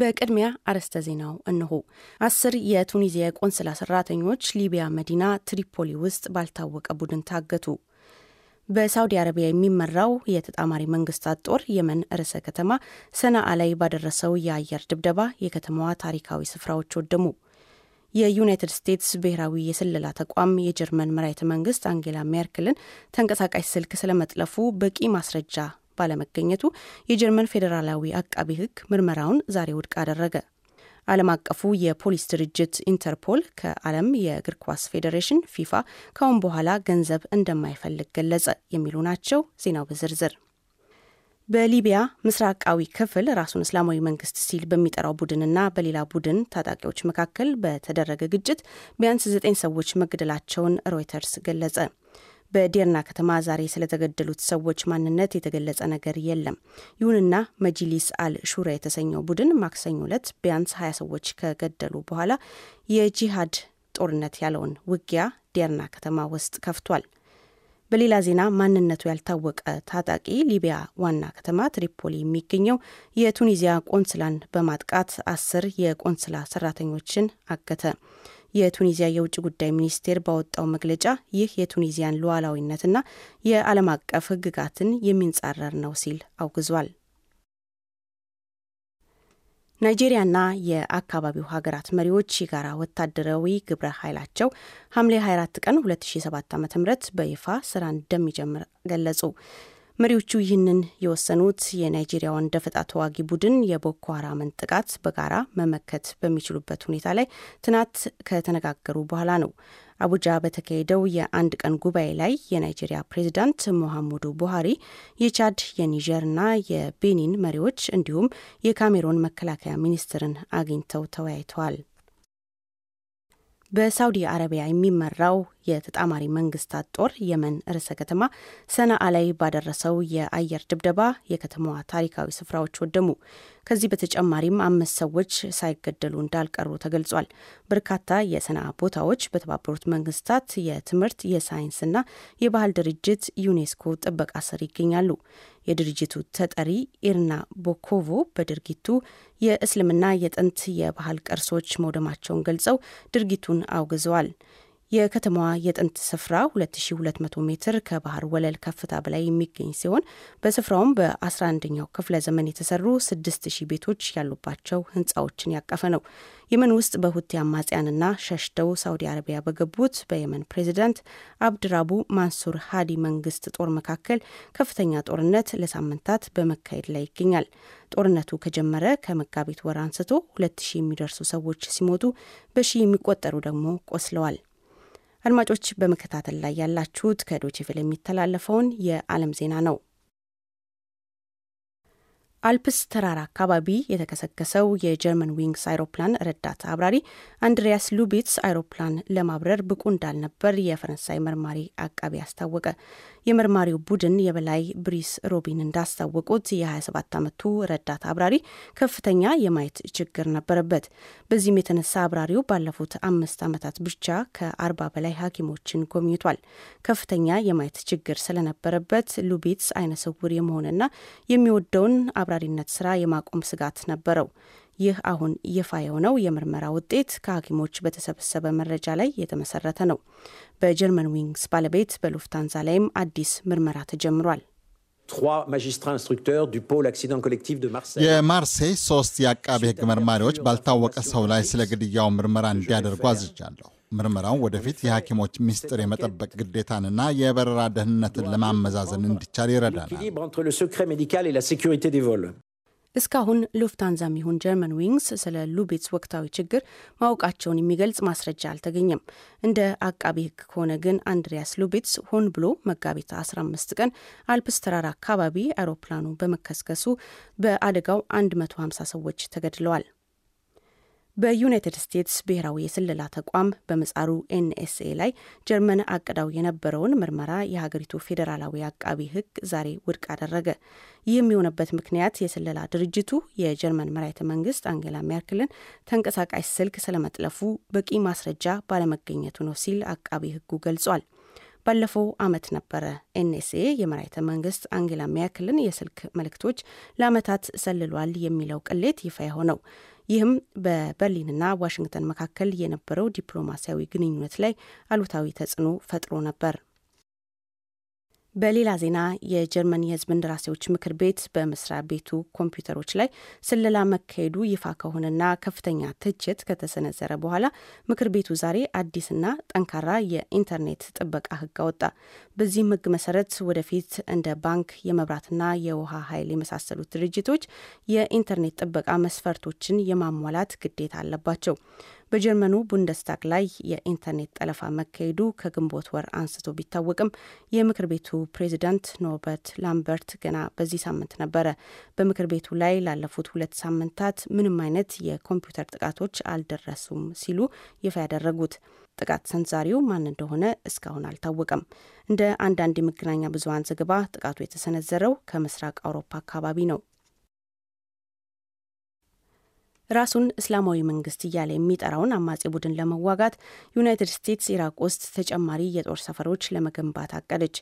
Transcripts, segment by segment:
በቅድሚያ አርዕስተ ዜናው እንሁ! አስር የቱኒዚያ የቆንስላ ሰራተኞች ሊቢያ መዲና ትሪፖሊ ውስጥ ባልታወቀ ቡድን ታገቱ። በሳውዲ አረቢያ የሚመራው የተጣማሪ መንግስታት ጦር የመን ርዕሰ ከተማ ሰናአ ላይ ባደረሰው የአየር ድብደባ የከተማዋ ታሪካዊ ስፍራዎች ወደሙ። የዩናይትድ ስቴትስ ብሔራዊ የስለላ ተቋም የጀርመን መራሒተ መንግስት አንጌላ ሜርክልን ተንቀሳቃሽ ስልክ ስለመጥለፉ በቂ ማስረጃ ባለመገኘቱ የጀርመን ፌዴራላዊ አቃቢ ሕግ ምርመራውን ዛሬ ውድቅ አደረገ። ዓለም አቀፉ የፖሊስ ድርጅት ኢንተርፖል ከዓለም የእግር ኳስ ፌዴሬሽን ፊፋ ካሁን በኋላ ገንዘብ እንደማይፈልግ ገለጸ። የሚሉ ናቸው። ዜናው በዝርዝር በሊቢያ ምስራቃዊ ክፍል ራሱን እስላማዊ መንግስት ሲል በሚጠራው ቡድንና በሌላ ቡድን ታጣቂዎች መካከል በተደረገ ግጭት ቢያንስ ዘጠኝ ሰዎች መገደላቸውን ሮይተርስ ገለጸ። በዴርና ከተማ ዛሬ ስለተገደሉት ሰዎች ማንነት የተገለጸ ነገር የለም። ይሁንና መጅሊስ አል ሹራ የተሰኘው ቡድን ማክሰኞ ዕለት ቢያንስ 20 ሰዎች ከገደሉ በኋላ የጂሃድ ጦርነት ያለውን ውጊያ ዴርና ከተማ ውስጥ ከፍቷል። በሌላ ዜና ማንነቱ ያልታወቀ ታጣቂ ሊቢያ ዋና ከተማ ትሪፖሊ የሚገኘው የቱኒዚያ ቆንስላን በማጥቃት አስር የቆንስላ ሰራተኞችን አገተ። የቱኒዚያ የውጭ ጉዳይ ሚኒስቴር ባወጣው መግለጫ ይህ የቱኒዚያን ሉዓላዊነትና የዓለም አቀፍ ሕግጋትን የሚንጻረር ነው ሲል አውግዟል። ናይጄሪያና የአካባቢው ሀገራት መሪዎች የጋራ ወታደራዊ ግብረ ኃይላቸው ሐምሌ 24 ቀን 2007 ዓ ም በይፋ ስራ እንደሚጀምር ገለጹ። መሪዎቹ ይህንን የወሰኑት የናይጄሪያውን ደፈጣ ተዋጊ ቡድን የቦኮ ሀራምን ጥቃት በጋራ መመከት በሚችሉበት ሁኔታ ላይ ትናት ከተነጋገሩ በኋላ ነው። አቡጃ በተካሄደው የአንድ ቀን ጉባኤ ላይ የናይጄሪያ ፕሬዚዳንት ሙሐመዱ ቡሃሪ የቻድ፣ የኒጀርና የቤኒን መሪዎች እንዲሁም የካሜሮን መከላከያ ሚኒስትርን አግኝተው ተወያይተዋል። በሳውዲ አረቢያ የሚመራው የተጣማሪ መንግስታት ጦር የመን ርዕሰ ከተማ ሰነአ ላይ ባደረሰው የአየር ድብደባ የከተማዋ ታሪካዊ ስፍራዎች ወደሙ። ከዚህ በተጨማሪም አምስት ሰዎች ሳይገደሉ እንዳልቀሩ ተገልጿል። በርካታ የሰነአ ቦታዎች በተባበሩት መንግስታት የትምህርት የሳይንስና የባህል ድርጅት ዩኔስኮ ጥበቃ ስር ይገኛሉ። የድርጅቱ ተጠሪ ኢርና ቦኮቮ በድርጊቱ የእስልምና የጥንት የባህል ቅርሶች መውደማቸውን ገልጸው ድርጊቱን አውግዘዋል። የከተማዋ የጥንት ስፍራ 2200 ሜትር ከባህር ወለል ከፍታ በላይ የሚገኝ ሲሆን በስፍራውም በ11ኛው ክፍለ ዘመን የተሰሩ 6000 ቤቶች ያሉባቸው ህንፃዎችን ያቀፈ ነው። የመን ውስጥ በሁቲ አማጽያንና ሸሽተው ሳውዲ አረቢያ በገቡት በየመን ፕሬዚዳንት አብድራቡ ማንሱር ሃዲ መንግስት ጦር መካከል ከፍተኛ ጦርነት ለሳምንታት በመካሄድ ላይ ይገኛል። ጦርነቱ ከጀመረ ከመጋቢት ወር አንስቶ 2000 የሚደርሱ ሰዎች ሲሞቱ በሺ የሚቆጠሩ ደግሞ ቆስለዋል። አድማጮች በመከታተል ላይ ያላችሁት ከዶችቪል የሚተላለፈውን የዓለም ዜና ነው። አልፕስ ተራራ አካባቢ የተከሰከሰው የጀርመን ዊንግስ አይሮፕላን ረዳት አብራሪ አንድሪያስ ሉቢትስ አይሮፕላን ለማብረር ብቁ እንዳልነበር የፈረንሳይ መርማሪ አቃቢ አስታወቀ። የመርማሪው ቡድን የበላይ ብሪስ ሮቢን እንዳስታወቁት የ27 ዓመቱ ረዳት አብራሪ ከፍተኛ የማየት ችግር ነበረበት። በዚህም የተነሳ አብራሪው ባለፉት አምስት ዓመታት ብቻ ከአርባ በላይ ሐኪሞችን ጎብኝቷል። ከፍተኛ የማየት ችግር ስለነበረበት ሉቢትስ አይነ ስውር የመሆንና የሚወደውን አብራሪነት ስራ የማቆም ስጋት ነበረው። ይህ አሁን ይፋ የሆነው የምርመራ ውጤት ከሐኪሞች በተሰበሰበ መረጃ ላይ የተመሰረተ ነው። በጀርመን ዊንግስ ባለቤት በሉፍታንዛ ላይም አዲስ ምርመራ ተጀምሯል። የማርሴይ ሶስት የአቃቤ ሕግ መርማሪዎች ባልታወቀ ሰው ላይ ስለ ግድያው ምርመራ እንዲያደርጉ አዝጃለሁ። ምርመራው ወደፊት የሐኪሞች ምስጢር የመጠበቅ ግዴታንና የበረራ ደህንነትን ለማመዛዘን እንዲቻል ይረዳናል። እስካሁን ሉፍታንዛም ይሁን ጀርመን ዊንግስ ስለ ሉቤትስ ወቅታዊ ችግር ማወቃቸውን የሚገልጽ ማስረጃ አልተገኘም። እንደ አቃቢ ሕግ ከሆነ ግን አንድሪያስ ሉቤትስ ሆን ብሎ መጋቢት 15 ቀን አልፕስ ተራራ አካባቢ አውሮፕላኑ በመከስከሱ በአደጋው 150 ሰዎች ተገድለዋል። በዩናይትድ ስቴትስ ብሔራዊ የስለላ ተቋም በምጻሩ ኤንኤስኤ ላይ ጀርመን አቅዳው የነበረውን ምርመራ የሀገሪቱ ፌዴራላዊ አቃቢ ሕግ ዛሬ ውድቅ አደረገ። ይህም የሆነበት ምክንያት የስለላ ድርጅቱ የጀርመን መራሒተ መንግስት አንጌላ ሜርክልን ተንቀሳቃሽ ስልክ ስለመጥለፉ በቂ ማስረጃ ባለመገኘቱ ነው ሲል አቃቢ ሕጉ ገልጿል። ባለፈው ዓመት ነበረ ኤንኤስኤ የመራሒተ መንግስት አንጌላ ሜርክልን የስልክ መልእክቶች ለዓመታት ሰልሏል የሚለው ቅሌት ይፋ የሆነው። ይህም በበርሊንና ዋሽንግተን መካከል የነበረው ዲፕሎማሲያዊ ግንኙነት ላይ አሉታዊ ተጽዕኖ ፈጥሮ ነበር። በሌላ ዜና የጀርመን የህዝብ እንደራሴዎች ምክር ቤት በመስሪያ ቤቱ ኮምፒውተሮች ላይ ስለላ መካሄዱ ይፋ ከሆነና ከፍተኛ ትችት ከተሰነዘረ በኋላ ምክር ቤቱ ዛሬ አዲስና ጠንካራ የኢንተርኔት ጥበቃ ህግ አወጣ። በዚህም ህግ መሰረት ወደፊት እንደ ባንክ፣ የመብራትና የውሃ ኃይል የመሳሰሉት ድርጅቶች የኢንተርኔት ጥበቃ መስፈርቶችን የማሟላት ግዴታ አለባቸው። በጀርመኑ ቡንደስታግ ላይ የኢንተርኔት ጠለፋ መካሄዱ ከግንቦት ወር አንስቶ ቢታወቅም የምክር ቤቱ ፕሬዚዳንት ኖርበርት ላምበርት ገና በዚህ ሳምንት ነበረ በምክር ቤቱ ላይ ላለፉት ሁለት ሳምንታት ምንም አይነት የኮምፒውተር ጥቃቶች አልደረሱም ሲሉ ይፋ ያደረጉት። ጥቃት ሰንዛሪው ማን እንደሆነ እስካሁን አልታወቀም። እንደ አንዳንድ የመገናኛ ብዙሀን ዘገባ ጥቃቱ የተሰነዘረው ከምስራቅ አውሮፓ አካባቢ ነው። ራሱን እስላማዊ መንግስት እያለ የሚጠራውን አማጺ ቡድን ለመዋጋት ዩናይትድ ስቴትስ ኢራቅ ውስጥ ተጨማሪ የጦር ሰፈሮች ለመገንባት አቀደች።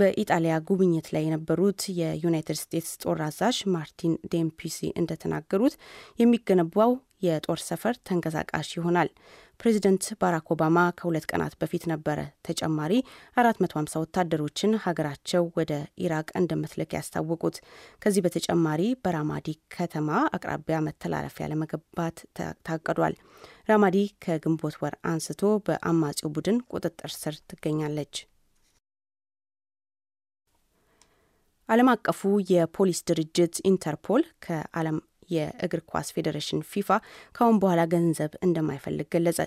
በኢጣሊያ ጉብኝት ላይ የነበሩት የዩናይትድ ስቴትስ ጦር አዛዥ ማርቲን ዴምፒሲ እንደተናገሩት የሚገነባው የጦር ሰፈር ተንቀሳቃሽ ይሆናል። ፕሬዚደንት ባራክ ኦባማ ከሁለት ቀናት በፊት ነበረ ተጨማሪ 450 ወታደሮችን ሀገራቸው ወደ ኢራቅ እንደምትልክ ያስታወቁት። ከዚህ በተጨማሪ በራማዲ ከተማ አቅራቢያ መተላለፊያ ለመገንባት ታቅዷል። ራማዲ ከግንቦት ወር አንስቶ በአማጺው ቡድን ቁጥጥር ስር ትገኛለች። ዓለም አቀፉ የፖሊስ ድርጅት ኢንተርፖል ከዓለም የእግር ኳስ ፌዴሬሽን ፊፋ ካሁን በኋላ ገንዘብ እንደማይፈልግ ገለጸ።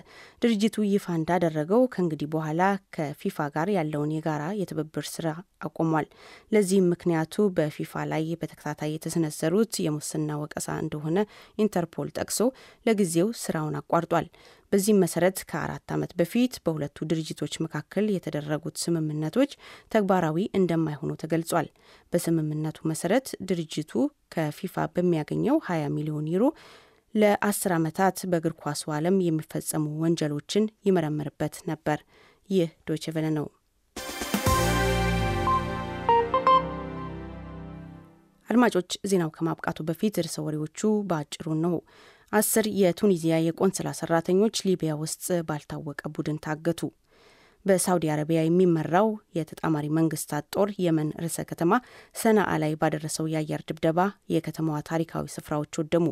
ድርጅቱ ይፋ እንዳደረገው ከእንግዲህ በኋላ ከፊፋ ጋር ያለውን የጋራ የትብብር ስራ አቆሟል። ለዚህም ምክንያቱ በፊፋ ላይ በተከታታይ የተሰነዘሩት የሙስና ወቀሳ እንደሆነ ኢንተርፖል ጠቅሶ ለጊዜው ስራውን አቋርጧል። በዚህም መሰረት ከአራት ዓመት በፊት በሁለቱ ድርጅቶች መካከል የተደረጉት ስምምነቶች ተግባራዊ እንደማይሆኑ ተገልጿል። በስምምነቱ መሰረት ድርጅቱ ከፊፋ በሚያገኘው 20 ሚሊዮን ዩሮ ለአስር ዓመታት በእግር ኳሱ ዓለም የሚፈጸሙ ወንጀሎችን ይመረምርበት ነበር። ይህ ዶይቼ ቬለ ነው። አድማጮች ዜናው ከማብቃቱ በፊት ርዕሰ ወሬዎቹ በአጭሩ ነው። አስር የቱኒዚያ የቆንስላ ሰራተኞች ሊቢያ ውስጥ ባልታወቀ ቡድን ታገቱ። በሳውዲ አረቢያ የሚመራው የተጣማሪ መንግስታት ጦር የመን ርዕሰ ከተማ ሰናአ ላይ ባደረሰው የአየር ድብደባ የከተማዋ ታሪካዊ ስፍራዎች ወደሙ።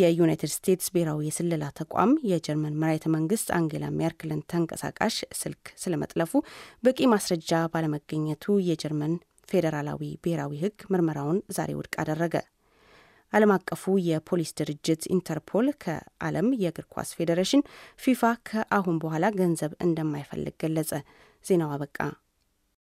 የዩናይትድ ስቴትስ ብሔራዊ የስለላ ተቋም የጀርመን መራሄተ መንግስት አንጌላ ሜርክልን ተንቀሳቃሽ ስልክ ስለመጥለፉ በቂ ማስረጃ ባለመገኘቱ የጀርመን ፌዴራላዊ ብሔራዊ ሕግ ምርመራውን ዛሬ ውድቅ አደረገ። ዓለም አቀፉ የፖሊስ ድርጅት ኢንተርፖል ከዓለም የእግር ኳስ ፌዴሬሽን ፊፋ ከአሁን በኋላ ገንዘብ እንደማይፈልግ ገለጸ። ዜናው አበቃ።